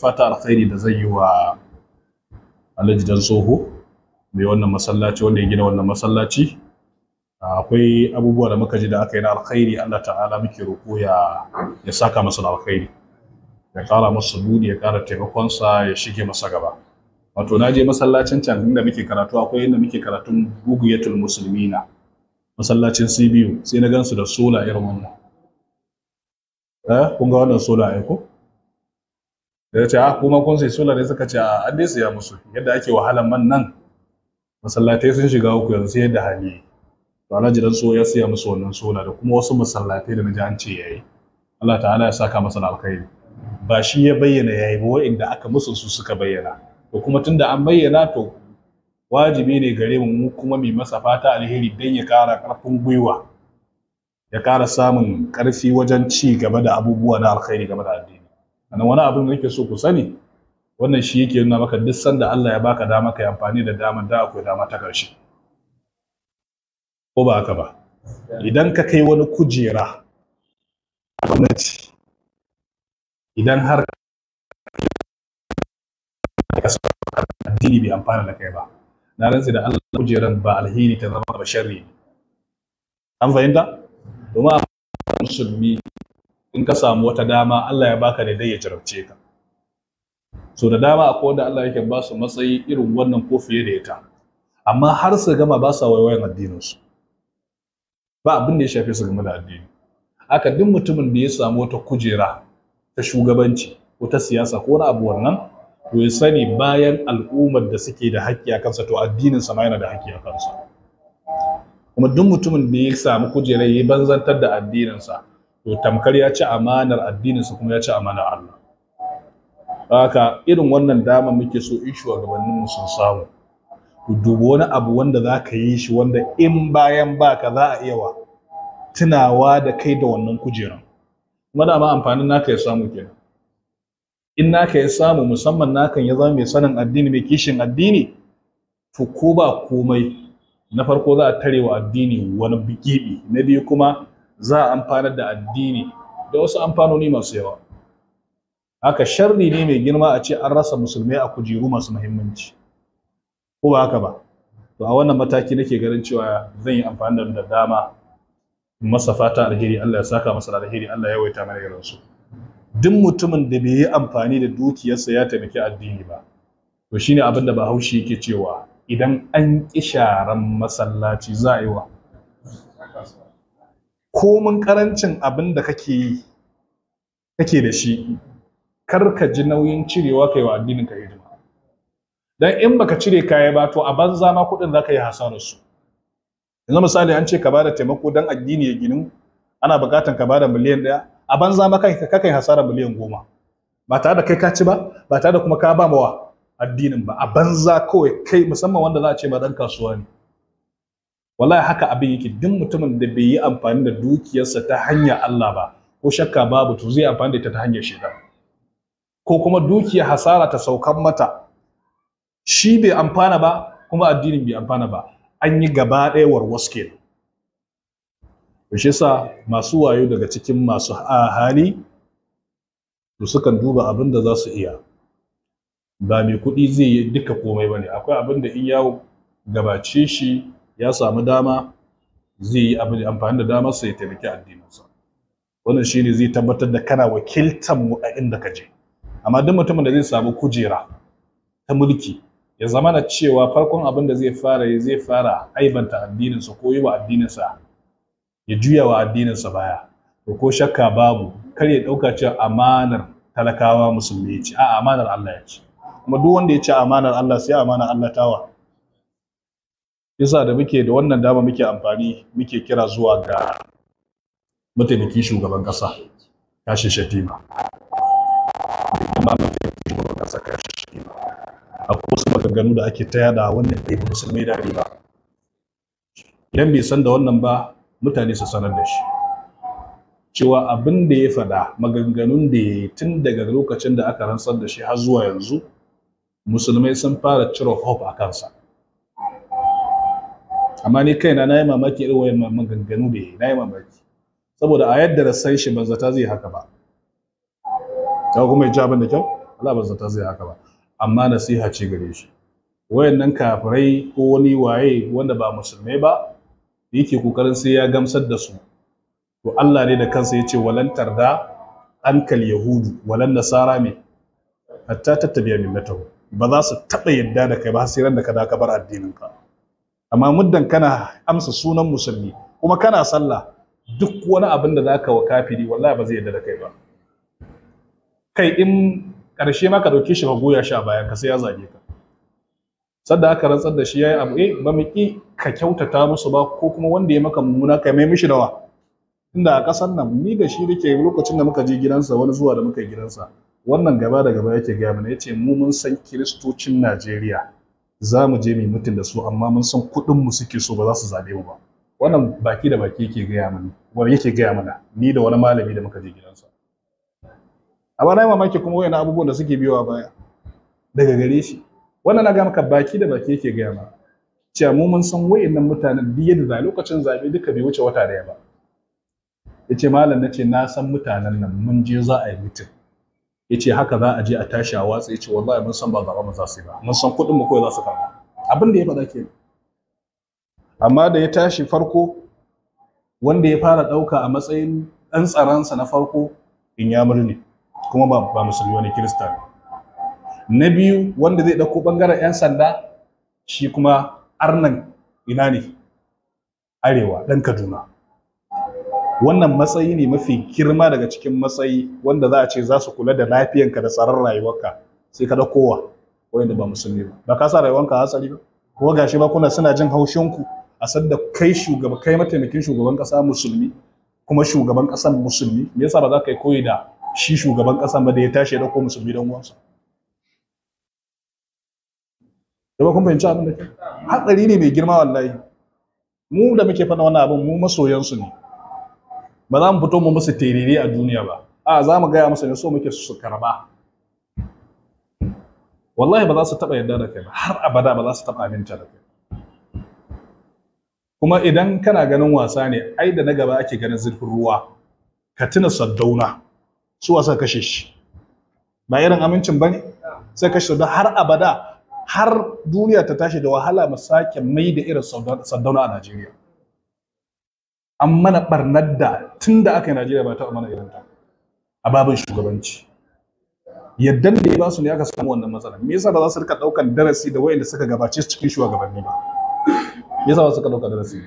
fata alkhairi da zai yi wa alhaji dan tsoho mai wannan masallaci wanda ya gina wannan masallaci akwai abubuwa da muka ji da aka yi na alkhairi Allah ta'ala muke roƙo ya ya saka masa da alkhairi ya ƙara masa buɗi ya ƙara taimakonsa ya shige masa gaba wato na je masallacin can inda muke karatu akwai inda muke karatun guguyatul musulmina masallacin CBU sai na gansu da sola irin wannan eh kun ga wannan sola ai ko da ce a ah, kuma kun sai solar ne suka ce a ah, an dai siya musu yadda ake wahalan man nan masallatai sun shiga uku yanzu sai yadda hali to alhaji dan so ya siya musu wannan sola da kuma wasu masallatai da na ji an ce yayi Allah ta'ala ya saka masa alkhairi ba shi ya bayyana yayi ba wa'inda aka musu su suka bayyana to kuma tunda an bayyana to wajibi ne gare mu mu kuma mai masa fata alheri dan ya kara karfin gwiwa ya kara samun karfi wajen ci gaba da abubuwa na alkhairi game da addini Ana wani abin da yake so ku sani wannan shi yake nuna maka duk sanda Allah ya baka dama kai amfani da damar da akwai dama ta karshe ko ba haka ba idan ka kai wani kujera gwamnati idan har ka addini bai amfana da kai ba na rantsi da Allah kujeran ba alheri ta zama ba sharri an fahimta domin musulmi in ka samu wata dama Allah ya baka da dai ya jarabce ka so da dama akwai wanda Allah yake ba su matsayi irin wannan ko fiye da ita amma har su gama ba sa addinin su ba abin da ya shafe su game da addini aka duk mutumin da ya samu wata kujera ta shugabanci ko ta siyasa ko wani abu wannan to ya sani bayan al'ummar da suke da haƙƙi a kansa to addinin sa ma yana da haƙƙi a kansa kuma duk mutumin da ya samu kujera ya banzantar da addininsa to tamkar ya ci amanar addininsa kuma ya ci amanar Allah haka irin wannan dama muke so in shugabanninmu sun samu ku dubi wani abu wanda za ka yi shi wanda in bayan baka za a iya wa tunawa da kai da wannan kujeran kuma dama amfanin naka ya samu kenan in naka ya samu musamman nakan ya zama mai sanin addini mai kishin addini to ko ba komai na farko za a tare wa addini wani gibi na biyu kuma za a amfanar da addini da wasu amfanoni masu yawa haka sharri ne mai girma a ce an rasa musulmai a kujeru masu muhimmanci ko ba haka ba to a wannan mataki nake ganin cewa zan yi amfani da da dama masa fata alheri Allah ya saka masa alheri Allah ya waita mana irin su duk mutumin da bai yi amfani da dukiyarsa ya taimaki addini ba to shine abin da Bahaushe yake cewa idan an ƙisharen masallaci za a yi wa komin karancin abin da kake yi kake da shi kar ka ji nauyin cirewa kai wa addinin ka hidima dan in baka cire kaya ba to a banza ma kuɗin zaka yi hasarar su yanzu misali an ce ka bada taimako dan addini ya ginin ana buƙatan ka bada miliyan ɗaya a banza ma kai ka kai hasarar miliyan goma ba tare da kai ka ci ba ba tare da kuma ka ba mawa addinin ba a banza kawai kai musamman wanda za a ce ma dan kasuwa ne wallahi haka abin yake duk mutumin da bai yi amfani da dukiyarsa ta hanyar Allah ba ko shakka babu to zai amfani da ita ta hanyar shaitan ko kuma dukiya hasara ta saukan mata shi bai amfana ba kuma addinin bai amfana ba an yi gaba ɗaya warwas kenan shi yasa masu wayo daga cikin masu hali to sukan duba abin da za su iya ba mai kuɗi zai yi duka komai ba ne akwai abin da in ya gabace shi ya samu dama zai yi amfani da damar sa ya taimaki addininsa wannan shine zai tabbatar da kana wakiltar mu a inda ka je amma duk mutumin da zai samu kujera ta mulki ya zama na cewa farkon abin da zai fara yi zai fara aibanta addininsa ko yi wa addininsa ya juya wa addininsa baya to ko shakka babu kar ya ɗauka cewa amanar talakawa musulmi ya ce a amanar Allah ya ce kuma duk wanda ya ci amanar Allah sai amanar Allah tawa yasa da muke da wannan dama muke amfani muke kira zuwa ga mataimakin shugaban kasa kashin shatima akwai wasu maganganu da ake ta yada wannan bai musulmai da ba idan bai san da wannan ba mutane su sanar da shi cewa abin da ya faɗa maganganun da ya yi tun daga lokacin da aka rantsar da shi har zuwa yanzu musulmai sun fara cire hope a kansa amma ni kaina na yi mamaki irin wayan maganganu da na yi mamaki saboda a yadda san shi ban zata zai haka ba ka kuma ji abin da kyau Allah ban zata zai haka ba amma nasiha ce gare shi wayannan kafirai ko wani waye wanda ba musulmai ba yake kokarin sai ya gamsar da su to Allah ne da kansa yace walan tarda ankal yahudu walan nasara me hatta tattabiya millatahu ba za su taɓa yadda da kai ba sai ran da ka da ka bar addinin ka amma muddan kana amsa sunan musulmi kuma kana sallah duk wani abin da ka wa kafiri wallahi ba zai yarda da kai ba kai in karshe ma ka dauke shi ka goya shi a bayan ka sai ya zage ka sadda aka rantsar da shi yayi abu eh ba mu ka kyautata musu ba ko kuma wanda ya maka mummuna kai mai mishi dawa inda a ƙasar nan ni da shi nake lokacin da muka je gidansa wani zuwa da muka yi gidansa wannan gaba da gaba yake gaya mana yace mu mun san kiristocin Najeriya za mu je mu mutum da su amma mun san kuɗin mu suke so ba za su zabe mu ba wannan baki da baki yake gaya mana wani yake gaya mana ni da wani malami da muka je gidansa a bana mamaki kuma wayannan abubuwan da suke biyowa baya daga gare shi wannan na ga maka baki da baki yake gaya mana cewa mu mun san wayannan mutanen duk yadda za lokacin zabe duka bai wuce wata daya ba yace malam nace na san mutanen nan mun je za a yi mutum ya ce haka za a je a tashi a watsa ya ce wallahi mun san ba zaɓa mu za su yi ba mun san kuɗin mu kawai za su karɓa abin da ya faɗa ke amma da ya tashi farko wanda ya fara ɗauka a matsayin ɗan tsaronsa na farko in ya murne kuma ba, ba musulmi wani kirista ne na biyu wanda zai ɗauko ɓangaren 'yan sanda shi kuma arnan ina ne arewa ɗan kaduna wannan matsayi ne mafi girma daga cikin matsayi wanda za a ce za su kula da lafiyanka da tsaron rayuwarka sai ka da kowa wanda ba musulmi ba ba ka sa rayuwarka hatsari ba kuma gashi ba kuna suna jin haushinku a da kai shugaba kai mataimakin shugaban kasa musulmi kuma shugaban kasan musulmi me yasa ba za ka yi koyi da shi shugaban kasan ba da ya tashi da ko musulmi dan uwansa da ba kun fahimci abin da ke hatsari ne mai girma wallahi mu da muke faɗa wannan abin mu masoyansu ne ba za mu fito mu musu terere a duniya ba a za mu gaya musu ne so muke su karba wallahi ba za su taɓa yarda da kai ba har abada ba za su taɓa aminta da kai kuma idan kana ganin wasa ne ai da na gaba ake ganin zurfin ruwa ka tuna saddauna su wasa kashe shi ba irin amincin ba ne sai kashe su har abada har duniya ta tashi da wahala mu sake mai da irin saddauna a najeriya an mana barnar da tun da aka yi Najeriya ba ta mana irin ta a babin shugabanci yaddan da ya ba su ne aka samu wannan matsala. me yasa ba za su rika daukan darasi da wayanda suka gabace su cikin shugabanni ba me yasa ba su rika ɗaukan darasi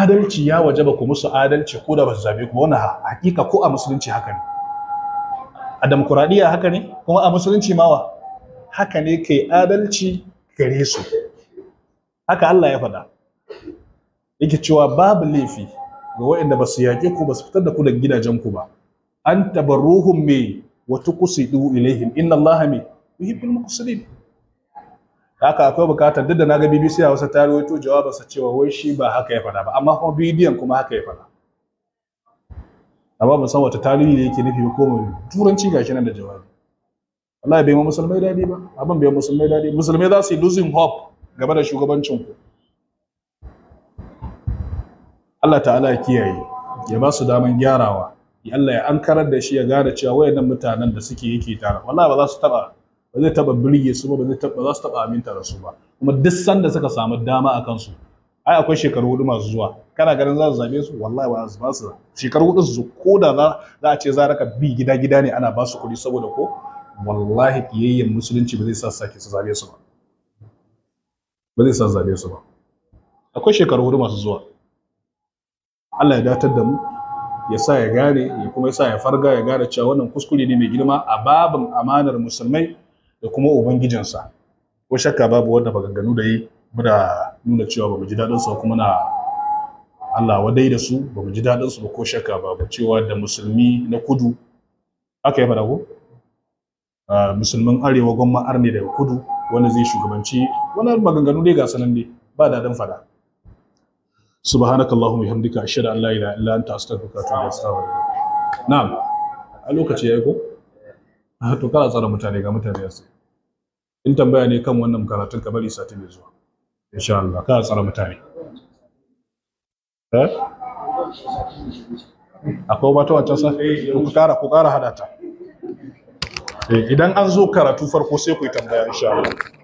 adalci ya waje ba ku musu adalci ko da ba su zabe ku wani hakika ko a musulunci haka ne a demokuraɗiyya haka ne kuma a musulunci mawa haka ne kai adalci gare su haka Allah ya faɗa yake cewa babu laifi ga waɗanda ba su yaƙe ku ba su fitar da ku daga gidajen ku ba an tabarruhum me wa tuqsidu ilaihim inna allaha me yuhibbul muqsidin haka akwai bukatar duk da na ga BBC a wasu tarihoto jawabansa cewa wai shi ba haka ya faɗa ba amma kuma bidiyon kuma haka ya faɗa amma ban san wata tarihi ne yake nufi ko mai turanci gashi nan da jawabi Allah bai ma musulmai dadi ba abin bai musulmai dadi musulmai za su yi losing hope game da shugabancin ku Allah ta'ala ya kiyaye ya ba su daman gyarawa ya Allah ya ankarar da shi ya gane cewa wayannan mutanen da suke yake tara wallahi ba za su taba ba zai taba burge su ba ba zai taba za su taba aminta da su ba kuma duk sanda suka samu dama a kansu ai akwai shekaru hudu masu zuwa kana ganin za su zabe su wallahi ba su ba su shekaru hudu su ko da za a ce za raka bi gida gida ne ana ba su kuɗi saboda ko wallahi kiyayyen musulunci ba zai sa sake su zabe su ba ba zai sa zabe su ba akwai shekaru hudu masu zuwa Allah ya datar da mu ya sa ya gane ya kuma ya sa ya farga ya gane cewa wannan kuskure ne mai girma a babin amanar musulmai da kuma ubangijinsa ko shakka babu wanda maganganu da yi muna nuna cewa bamu ji daɗin su kuma na Allah wadai da su bamu ji daɗin su ba ko shakka babu cewa da musulmi na kudu aka yi fada ko musulmin arewa gwamma arne daga kudu wanda zai shugabanci wannan maganganu dai ga sanan ne ba daɗin fada subhanaka allahumma bihamdika ashhadu an la ilaha illa anta astaghfiruka wa atubu ilayk na'am a lokaci yayi ko ah, to kana tsara mutane ga mutane yasu in tambaya ne kan wannan karatun ka bari sati mai zuwa insha Allah kana tsara mutane eh akwai wata wata sa ku kara ku kara hada ta eh, idan an zo karatu farko sai ku yi tambaya insha Allah